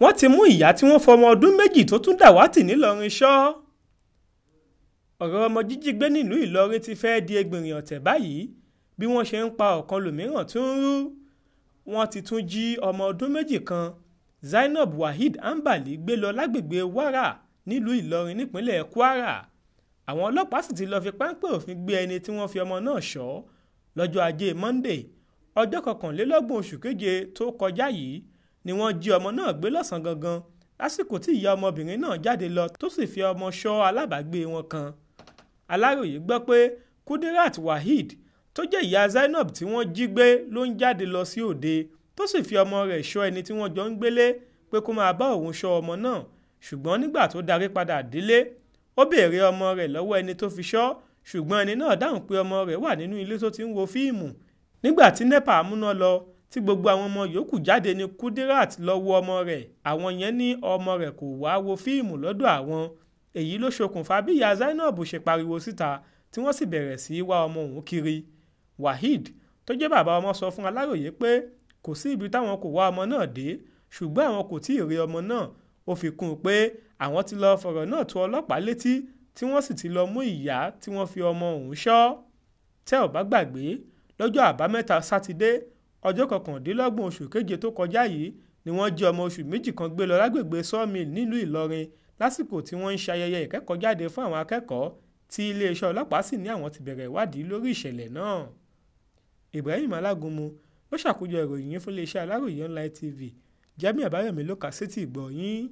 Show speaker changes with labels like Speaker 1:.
Speaker 1: wọ́n ti mú ìyá tí wọ́n fọmọ ọdún méjì tó tún dàwátì nílọrin ṣọ́ ọ̀rọ̀ ọmọ jíjí gbé nílùú ìlọrin ti fẹ́ di ẹgbìnrin ọ̀tẹ̀ báyìí bí wọ́n ṣe ń pa ọ̀kan lòmíràn tó ń rú wọ́n ti tún jí ọmọ ọdún méjì kan Zainab Waheed Ambali gbé lọ lágbègbè Wàrà nílùú ìlọrin nípínlẹ̀ Kwara àwọn ọlọ́pàá sì ti lọ́ọ́ fi páńpẹ́ òfin gbé ẹni tí wọ́n fi ọmọ náà ṣọ́ lọ́jọ́ ajé Monday ọjọ́ kọkànlélọ́gbọ̀n oṣù keje tó kọjá yìí ni wọ́n jí ọmọ náà gbé lọ́sàn-án gangan lásìkò tí ìyá ọmọbìnrin náà jáde lọ tó sì fi ọmọ ṣọ́ alábàágbé wọn kan aláròye gbọ́ pé kudirat waheed tó jẹ́ ìyá zainab tí wọ́n jí gbé ló ń jáde lọ sí òde tó sì fi ọmọ rẹ̀ ṣọ́ ẹni tí wọ́n jọ ń gbélé pé kó máa bá òun ṣọ́ ọmọ náà ṣùgbọ́n nígbà tó darí padà délé ó béèrè ọmọ rẹ̀ lọ́wọ́ ẹni tó fi ṣọ́ ṣùgbọ́n ẹni náà dáhùn pé ọmọ rẹ̀ wà nínú ilé tó ti ń wo fíìmù nígbà tí nepa múná lọ tí gbogbo àwọn ọmọ yòókù jáde ní Kudirat lọ́wọ́ ọmọ rẹ̀ àwọn yẹn ní ọmọ rẹ̀ kò wá wo fíìmù lọ́dọ̀ àwọn èyí ló ṣokùnfà bí ìyá Zainab ṣe pariwo síta tí wọ́n sì bẹ̀rẹ̀ sí í wá ọmọ òun kiri wahid tó jẹ́ bàbá ọmọ sọ fún Aláròyé pé kò sí ibi táwọn kò wá ọmọ náà dé ṣùgbọ́n àwọn kò tí ì rí ọmọ náà ó fi kún un pé àwọn ti lọ fọ̀rọ̀ náà tó ọlọ́pàá létí tí wọ́n sì ti lọ mú ìyá tí wọ́n fi ọmọ òun ṣọ́ tẹ́ ò bá gbàgbé lọ́jọ́ àbámẹ́ta sátidé ọjọ́ kọkàndínlọ́gbọ̀n oṣù keje tó kọjá yìí ni wọ́n jí ọmọ oṣù méjì kan gbé lọ lágbègbè sawmill nílùú ìlọrin lásìkò tí wọ́n ń ṣayẹyẹ ìkẹ́kọ̀ọ́jáde fún àwọn akẹ́kọ̀ọ́ tí iléeṣẹ́ ọlọ́pàá sì ní àwọn ti bẹ̀rẹ̀ ìwádìí lórí ìṣẹ̀lẹ̀ náà ibrahim alágúnmu ló ṣàkójọ ìròyìn yìí fún iléeṣẹ́ aláròye online tv jamiu abáyọ̀mí ló kà sétí ìgbọ́ yín